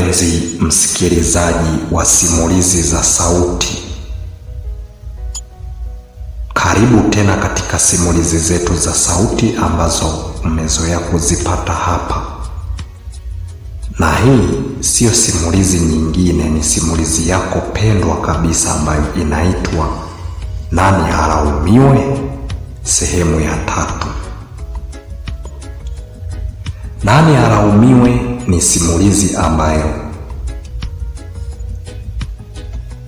mpenzi msikilizaji wa simulizi za sauti, karibu tena katika simulizi zetu za sauti ambazo mmezoea kuzipata hapa, na hii siyo simulizi nyingine, ni simulizi yako pendwa kabisa ambayo inaitwa Nani Alaumiwe sehemu ya tatu. Nani Alaumiwe ni simulizi ambayo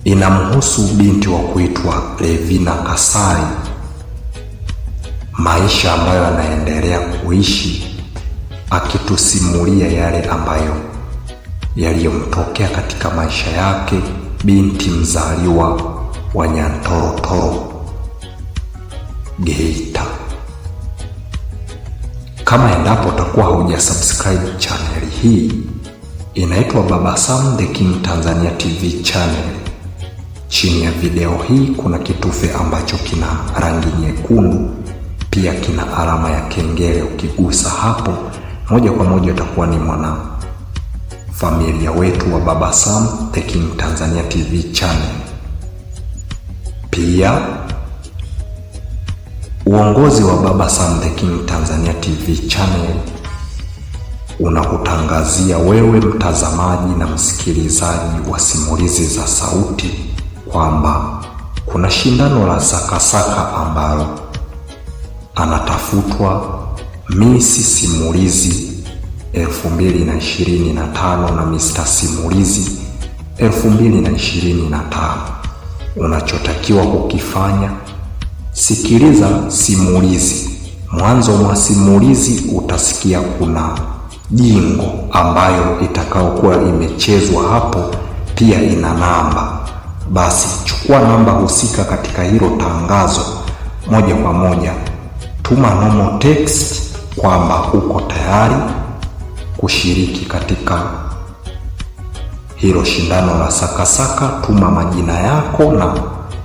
inamhusu binti wa kuitwa Levina Kasai, maisha ambayo anaendelea kuishi, akitusimulia yale ambayo yaliyomtokea katika maisha yake, binti mzaliwa wa Nyantorotoro Geita kama endapo utakuwa haujasubscribe channel hii. Inaitwa Baba Sam The King Tanzania TV channel. Chini ya video hii kuna kitufe ambacho kina rangi nyekundu, pia kina alama ya kengele. Ukigusa hapo moja kwa moja utakuwa ni mwana familia wetu wa Baba Sam The King Tanzania TV channel. Pia Uongozi wa Baba Sam the King Tanzania TV channel unakutangazia wewe mtazamaji na msikilizaji wa simulizi za sauti kwamba kuna shindano la sakasaka ambalo anatafutwa misi Simulizi 2025 na Mr. Simulizi 2025. Unachotakiwa kukifanya Sikiliza simulizi. Mwanzo mwa simulizi utasikia kuna jingo ambayo itakayokuwa imechezwa hapo, pia ina namba. Basi chukua namba husika katika hilo tangazo moja kwa moja, tuma nomo text kwamba uko tayari kushiriki katika hilo shindano la sakasaka. Tuma majina yako na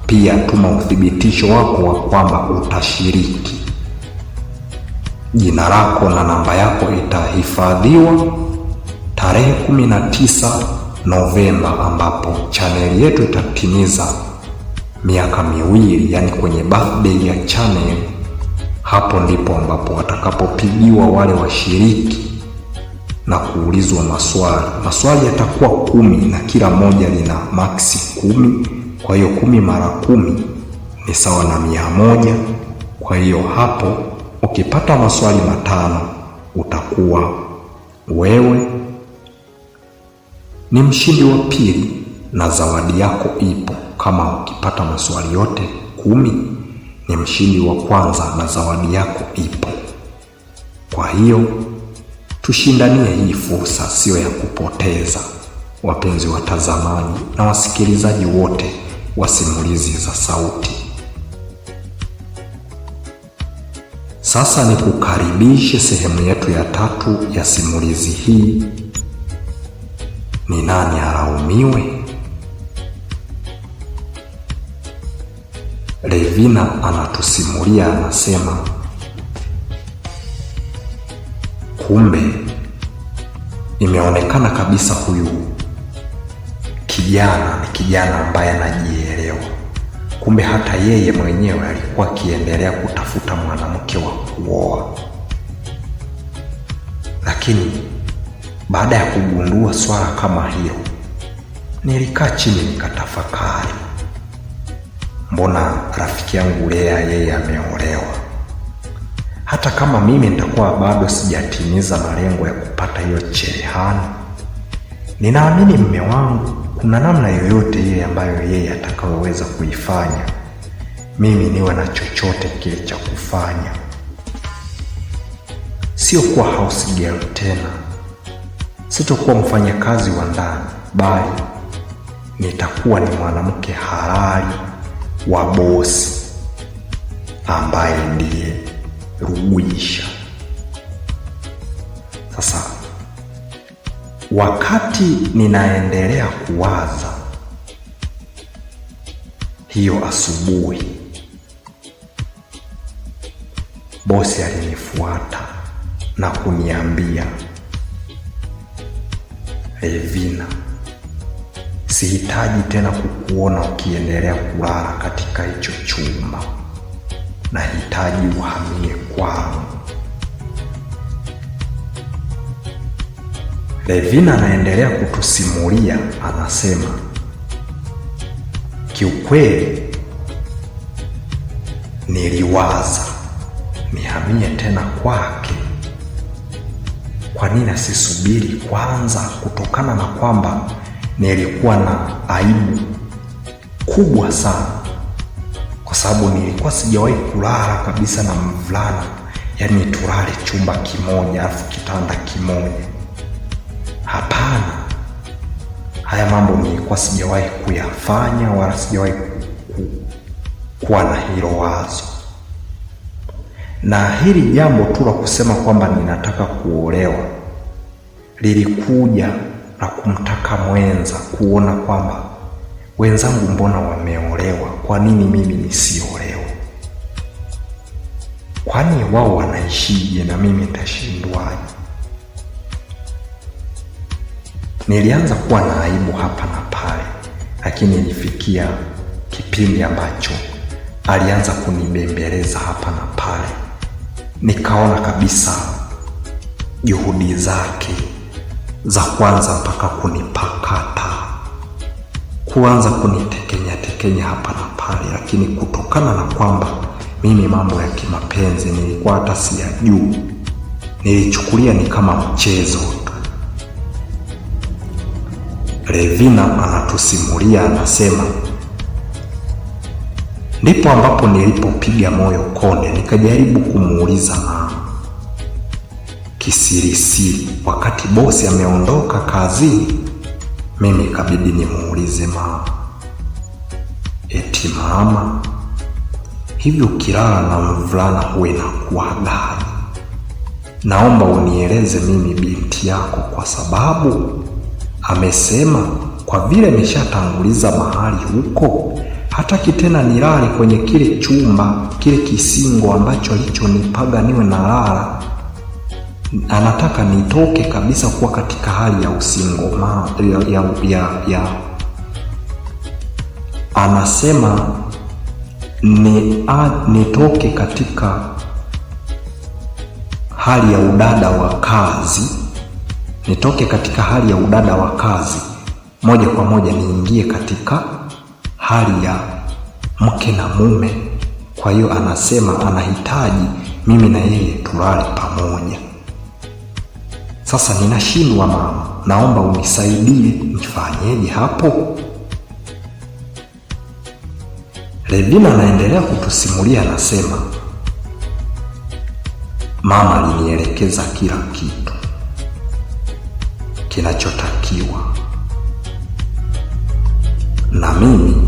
pia tuma uthibitisho wako wa kwamba utashiriki. Jina lako na namba yako itahifadhiwa tarehe 19 Novemba, ambapo chaneli yetu itatimiza miaka miwili, yani kwenye birthday ya chaneli. Hapo ndipo ambapo watakapopigiwa wale washiriki na kuulizwa maswali. Maswali yatakuwa kumi na kila moja lina maksi kumi kwa hiyo kumi mara kumi ni sawa na mia moja. Kwa hiyo hapo ukipata maswali matano utakuwa wewe ni mshindi wa pili na zawadi yako ipo. Kama ukipata maswali yote kumi ni mshindi wa kwanza na zawadi yako ipo. Kwa hiyo tushindanie hii fursa, siyo ya kupoteza, wapenzi watazamaji na wasikilizaji wote wa simulizi za sauti. Sasa ni kukaribishe sehemu yetu ya tatu ya simulizi hii, ni nani alaumiwe? Levina anatusimulia anasema, kumbe imeonekana kabisa huyu kijana ni kijana ambaye anajielewa. Kumbe hata yeye mwenyewe alikuwa akiendelea kutafuta mwanamke wa kuoa, lakini baada ya kugundua swala kama hilo, nilikaa chini nikatafakari, mbona rafiki yangu Lea yeye ameolewa hata kama mimi nitakuwa bado sijatimiza malengo ya kupata hiyo cherehani, ninaamini mme wangu kuna namna yoyote ile ambayo yeye atakayoweza kuifanya mimi niwe na chochote kile cha kufanya. Sio kuwa house girl tena, sitokuwa mfanyakazi wa ndani, bali nitakuwa ni mwanamke halali wa bosi ambaye ndiye Rugwisha. Sasa Wakati ninaendelea kuwaza hiyo asubuhi, bosi alinifuata na kuniambia, levina sihitaji tena kukuona ukiendelea kulala katika hicho chumba, nahitaji uhamie kwangu. Levina eh, anaendelea kutusimulia, anasema kiukweli, niliwaza nihamie tena kwake. Kwa nini asisubiri kwanza? Kutokana na kwamba nilikuwa na aibu kubwa sana, kwa sababu nilikuwa sijawahi kulala kabisa na mvulana, yaani tulale chumba kimoja alafu kitanda kimoja Hapana, haya mambo nilikuwa sijawahi kuyafanya wala sijawahi kuwa na hilo wazo, na hili jambo tu la kusema kwamba ninataka kuolewa lilikuja na kumtaka mwenza kuona kwamba wenzangu mbona wameolewa, kwa nini mimi nisiolewe? Kwani wao wanaishije na mimi nitashindwaje? Nilianza kuwa na aibu hapa na pale, lakini ilifikia kipindi ambacho alianza kunibembeleza hapa na pale. Nikaona kabisa juhudi zake za kwanza mpaka kunipakata, kuanza kunitekenya tekenya hapa na pale, lakini kutokana na kwamba mimi mambo ya kimapenzi nilikuwa hata siyajuu, nilichukulia ni kama mchezo levina anatusimulia anasema, ndipo ambapo nilipopiga moyo konde, nikajaribu kumuuliza mama kisirisiri, wakati bosi ameondoka kazini, mimi ikabidi nimuulize mama, eti mama, hivi ukilala na mvulana huwe na kuagani? Naomba unieleze mimi binti yako, kwa sababu Amesema kwa vile ameshatanguliza mahali huko, hataki tena nilale kwenye kile chumba kile kisingo ambacho alichonipaga niwe na lala. Anataka nitoke kabisa kuwa katika hali ya usingo ma, ya, ya, ya, ya. Anasema ni, a, nitoke katika hali ya udada wa kazi nitoke katika hali ya udada wa kazi moja kwa moja niingie katika hali ya mke na mume. Kwa hiyo anasema anahitaji mimi na yeye tulale pamoja. Sasa ninashindwa mama, naomba unisaidie, nifanyeje hapo? Levina anaendelea kutusimulia, anasema mama alinielekeza kila kitu kinachotakiwa, na mimi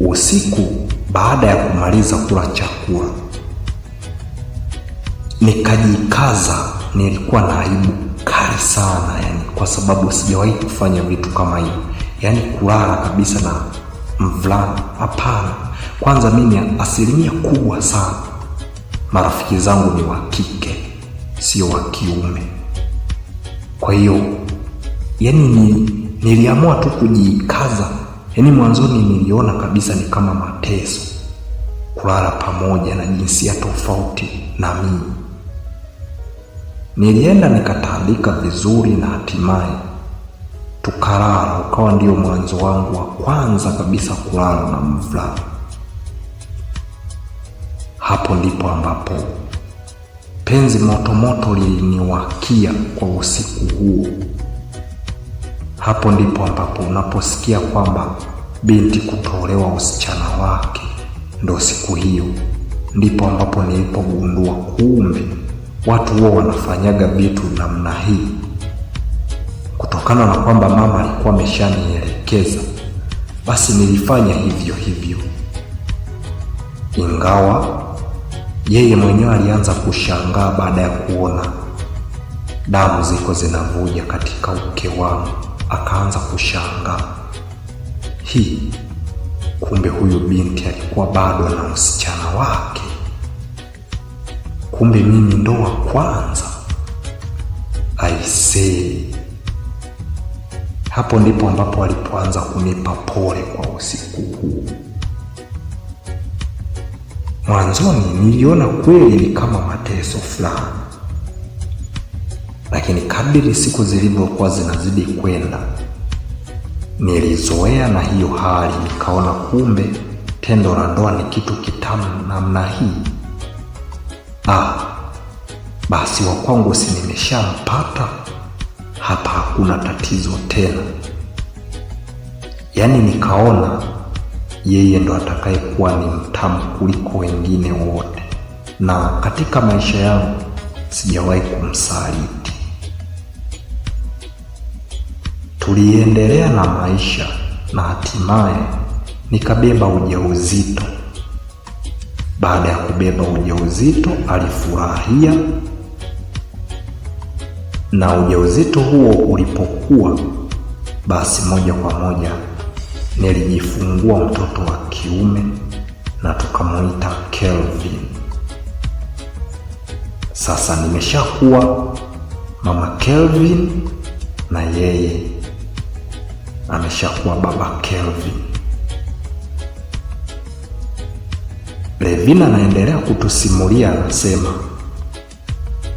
usiku baada ya kumaliza kula chakula nikajikaza. Nilikuwa na aibu kali sana, yani kwa sababu sijawahi kufanya vitu kama hivi, yani kulala kabisa na mvulana, hapana. Kwanza mimi asilimia kubwa sana marafiki zangu ni wa kike, sio wa kiume. Kwa hiyo yani ni, niliamua tu kujikaza. Yani mwanzoni niliona kabisa ni kama mateso kulala pamoja na jinsia tofauti na mimi. Nilienda nikatandika vizuri na hatimaye tukalala, ukawa ndio mwanzo wangu wa kwanza kabisa kulala na mvulana. Hapo ndipo ambapo Penzi motomoto liliniwakia kwa usiku huo. Hapo ndipo ambapo unaposikia kwamba binti kutolewa usichana wake ndo siku hiyo. Ndipo ambapo nilipogundua kumbe watu huo wanafanyaga vitu namna hii, kutokana na kwamba mama alikuwa ameshanielekeza, basi nilifanya hivyo hivyo, ingawa yeye mwenyewe alianza kushangaa baada ya kuona damu ziko zinavuja katika uke wangu. Akaanza kushangaa, hii kumbe huyu binti alikuwa bado na msichana wake. Kumbe mimi ndo wa kwanza. Aisee, hapo ndipo ambapo alipoanza kunipa pole kwa usiku huu. Mwanzoni niliona kweli ni kama mateso fulani, lakini kadri siku zilivyokuwa zinazidi kwenda, nilizoea na hiyo hali, nikaona kumbe tendo la ndoa ni kitu kitamu namna hii. Ah, basi wa kwangu si nimeshampata hapa, hakuna tatizo tena. Yaani nikaona yeye ndo atakayekuwa ni mtamu kuliko wengine wote, na katika maisha yangu sijawahi kumsaliti. Tuliendelea na maisha na hatimaye nikabeba ujauzito. Baada ya kubeba ujauzito, alifurahia na ujauzito huo ulipokuwa, basi moja kwa moja nilijifungua mtoto wa kiume na tukamwita Kelvin. Sasa nimeshakuwa mama Kelvin na yeye ameshakuwa baba Kelvin. Levina anaendelea kutusimulia, anasema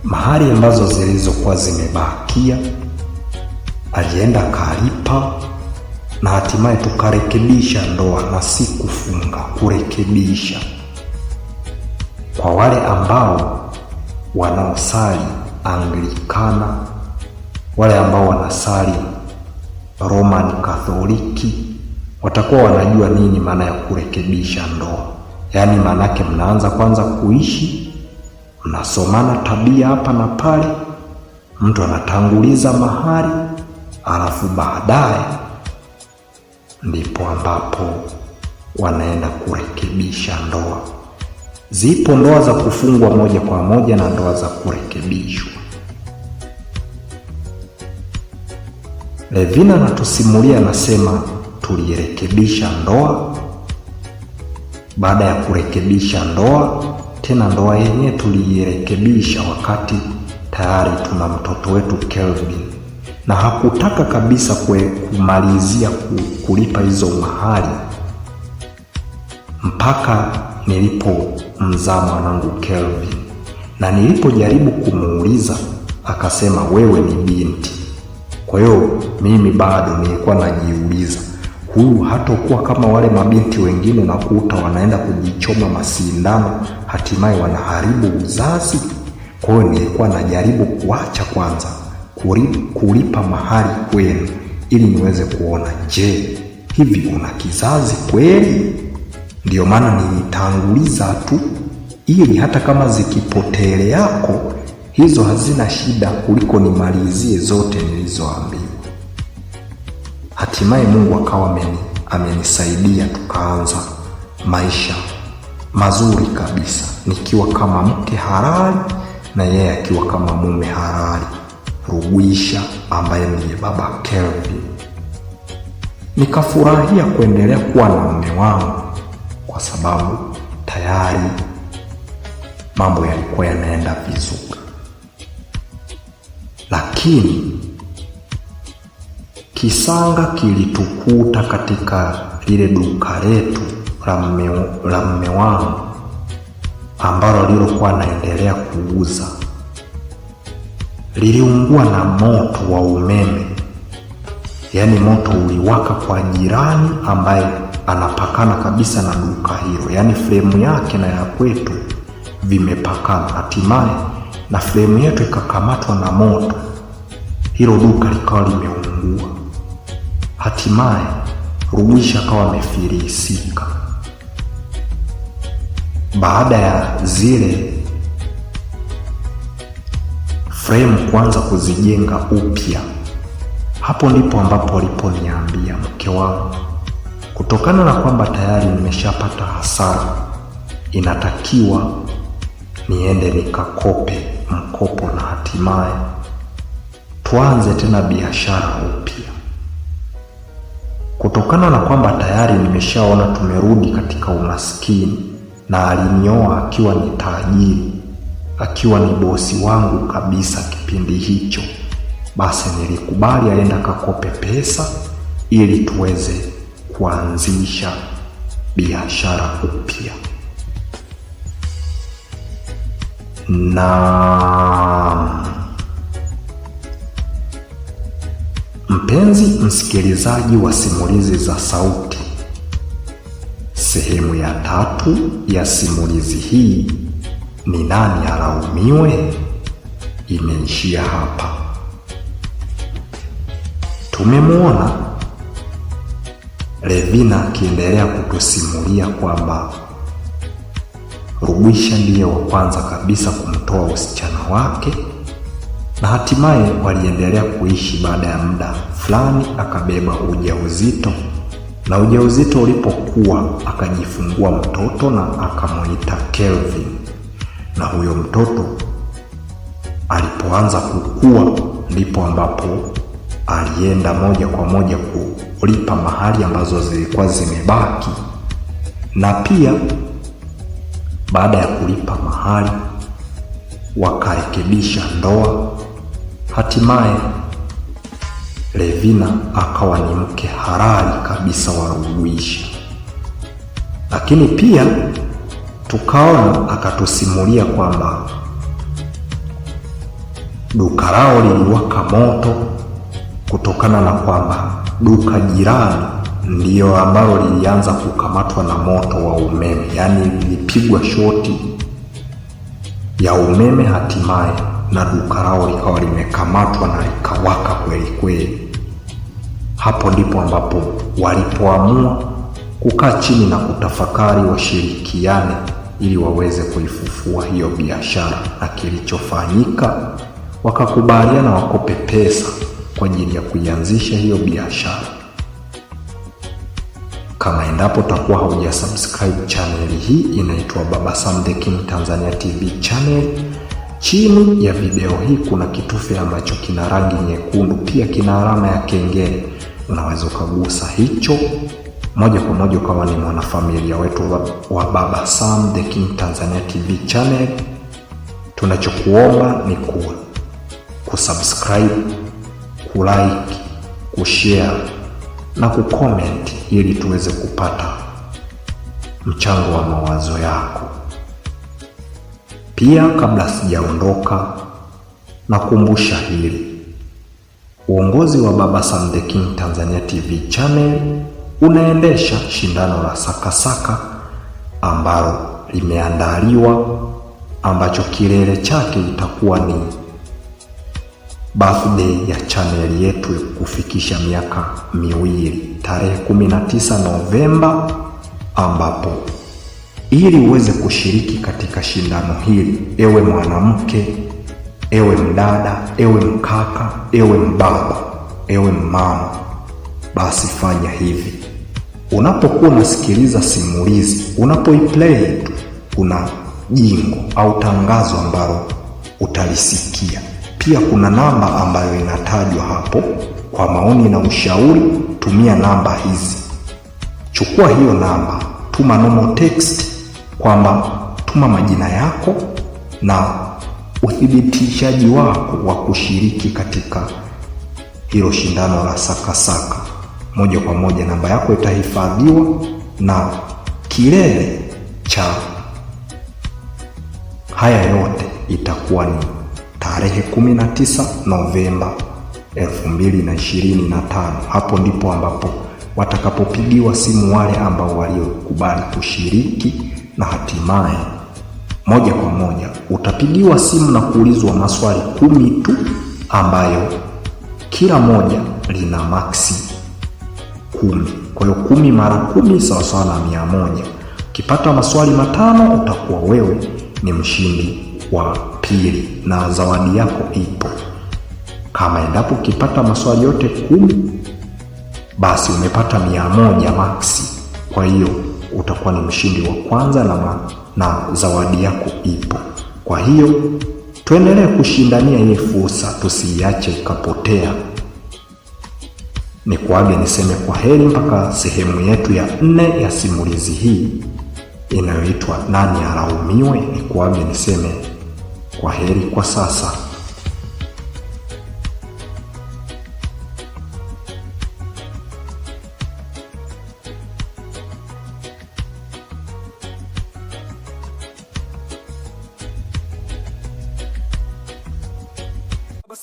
mahali ambazo zilizokuwa zimebakia alienda kalipa na hatimaye tukarekebisha ndoa na si kufunga, kurekebisha. Kwa wale ambao wanaosali Anglikana, wale ambao wanasali Roman Katholiki watakuwa wanajua nini maana ya kurekebisha ndoa. Yaani maanake mnaanza kwanza kuishi, mnasomana tabia hapa na pale, mtu anatanguliza mahari, alafu baadaye ndipo ambapo wanaenda kurekebisha ndoa. Zipo ndoa za kufungwa moja kwa moja na ndoa za kurekebishwa. Levina anatusimulia anasema, tulirekebisha ndoa. Baada ya kurekebisha ndoa, tena ndoa yenyewe tuliirekebisha wakati tayari tuna mtoto wetu Kelvin na hakutaka kabisa kwe kumalizia kulipa hizo mahari mpaka nilipomzaa mwanangu Kelvin, na nilipojaribu kumuuliza akasema wewe ni binti. Kwa hiyo mimi bado nilikuwa najiuliza huyu kuwa kama wale mabinti wengine nakuta wanaenda kujichoma masindano hatimaye wanaharibu uzazi. Kwa hiyo nilikuwa najaribu kuacha kwanza, kulipa mahari kwenu ili niweze kuona, je, hivi una kizazi kweli? Ndiyo maana nilitanguliza tu, ili hata kama zikipotele yako hizo hazina shida, kuliko nimalizie zote nilizoambiwa. Hatimaye Mungu akawa amenisaidia, tukaanza maisha mazuri kabisa, nikiwa kama mke halali na yeye akiwa kama mume halali. Rugwisha ambaye ndiye baba Kelvin. Nikafurahia kuendelea kuwa na mume wangu kwa sababu tayari mambo yalikuwa yanaenda vizuri, lakini kisanga kilitukuta katika lile duka letu la mume wangu ambalo lilokuwa naendelea kuuza liliungua na moto wa umeme, yaani moto uliwaka kwa jirani ambaye anapakana kabisa na duka hilo, yaani fremu yake na ya kwetu vimepakana. Hatimaye na fremu yetu ikakamatwa na moto, hilo duka likawa limeungua. Hatimaye Rugwisha akawa amefilisika baada ya zile fremu kuanza kuzijenga upya. Hapo ndipo ambapo aliponiambia mke wangu, kutokana na kwamba tayari nimeshapata hasara, inatakiwa niende nikakope mkopo na hatimaye tuanze tena biashara upya. Kutokana na kwamba tayari nimeshaona tumerudi katika umaskini, na alinioa akiwa ni tajiri akiwa ni bosi wangu kabisa kipindi hicho, basi nilikubali aenda kakope pesa ili tuweze kuanzisha biashara upya na mpenzi msikilizaji wa simulizi za sauti, sehemu ya tatu ya simulizi hii ni nani alaumiwe? Imeishia hapa. Tumemwona Levina akiendelea kutusimulia kwamba Rubisha ndiye wa kwanza kabisa kumtoa usichana wake na hatimaye waliendelea kuishi. Baada ya muda fulani, akabeba ujauzito na ujauzito ulipokuwa akajifungua mtoto na akamwita Kelvin na huyo mtoto alipoanza kukua, ndipo ambapo alienda moja kwa moja kulipa mahali ambazo zilikuwa zimebaki, na pia baada ya kulipa mahali wakarekebisha ndoa. Hatimaye Levina akawa ni mke halali kabisa wa Rugwisha, lakini pia tukaona akatusimulia kwamba duka lao liliwaka moto kutokana na kwamba duka jirani ndiyo ambalo lilianza kukamatwa na moto wa umeme, yaani lilipigwa shoti ya umeme hatimaye, na duka lao likawa limekamatwa na likawaka kweli kweli. Hapo ndipo ambapo walipoamua kukaa chini na kutafakari, washirikiane ili waweze kuifufua hiyo biashara, na kilichofanyika wakakubaliana wakope pesa kwa ajili ya kuianzisha hiyo biashara. Kama endapo takuwa hauja subscribe chaneli hii inaitwa Baba Sam The King Tanzania TV channel. Chini ya video hii kuna kitufe ambacho kina rangi nyekundu, pia kina alama ya kengele. Unaweza ukagusa hicho moja kwa moja ukawa ni mwanafamilia wetu wa, wa Baba Sam The King Tanzania TV channel. Tunachokuomba ni ku kusubscribe, kulike, kushare na kucomment ili tuweze kupata mchango wa mawazo yako. Pia kabla sijaondoka, nakumbusha hili, uongozi wa Baba Sam The King Tanzania TV channel unaendesha shindano la sakasaka ambalo limeandaliwa ambacho kilele chake itakuwa ni birthday ya chaneli yetu kufikisha miaka miwili tarehe 19 Novemba, ambapo ili uweze kushiriki katika shindano hili, ewe mwanamke, ewe mdada, ewe mkaka, ewe mbaba, ewe mama basi fanya hivi. Unapokuwa unasikiliza simulizi, unapoiplay tu, kuna jingo au tangazo ambalo utalisikia. Pia kuna namba ambayo inatajwa hapo kwa maoni na ushauri. Tumia namba hizi, chukua hiyo namba, tuma normal text kwamba tuma majina yako na uthibitishaji wako wa kushiriki katika hilo shindano la sakasaka moja kwa moja, namba yako itahifadhiwa na kilele cha haya yote itakuwa ni tarehe 19 Novemba 2025. Hapo ndipo ambapo watakapopigiwa simu wale ambao waliokubali kushiriki, na hatimaye moja kwa moja utapigiwa simu na kuulizwa maswali kumi tu ambayo kila moja lina maksi kumi. Kwa hiyo kumi mara kumi sawa na mia moja. Ukipata maswali matano utakuwa wewe ni mshindi wa pili na zawadi yako ipo. Kama endapo ukipata maswali yote kumi, basi umepata mia moja maksi. Kwa hiyo utakuwa ni mshindi wa kwanza na, ma, na zawadi yako ipo. Kwa hiyo tuendelee kushindania hii fursa, tusiiache ikapotea ni kuage niseme kwa heri mpaka sehemu yetu ya nne ya simulizi hii inayoitwa Nani Alaumiwe. Ni kuage niseme kwa heri kwa sasa.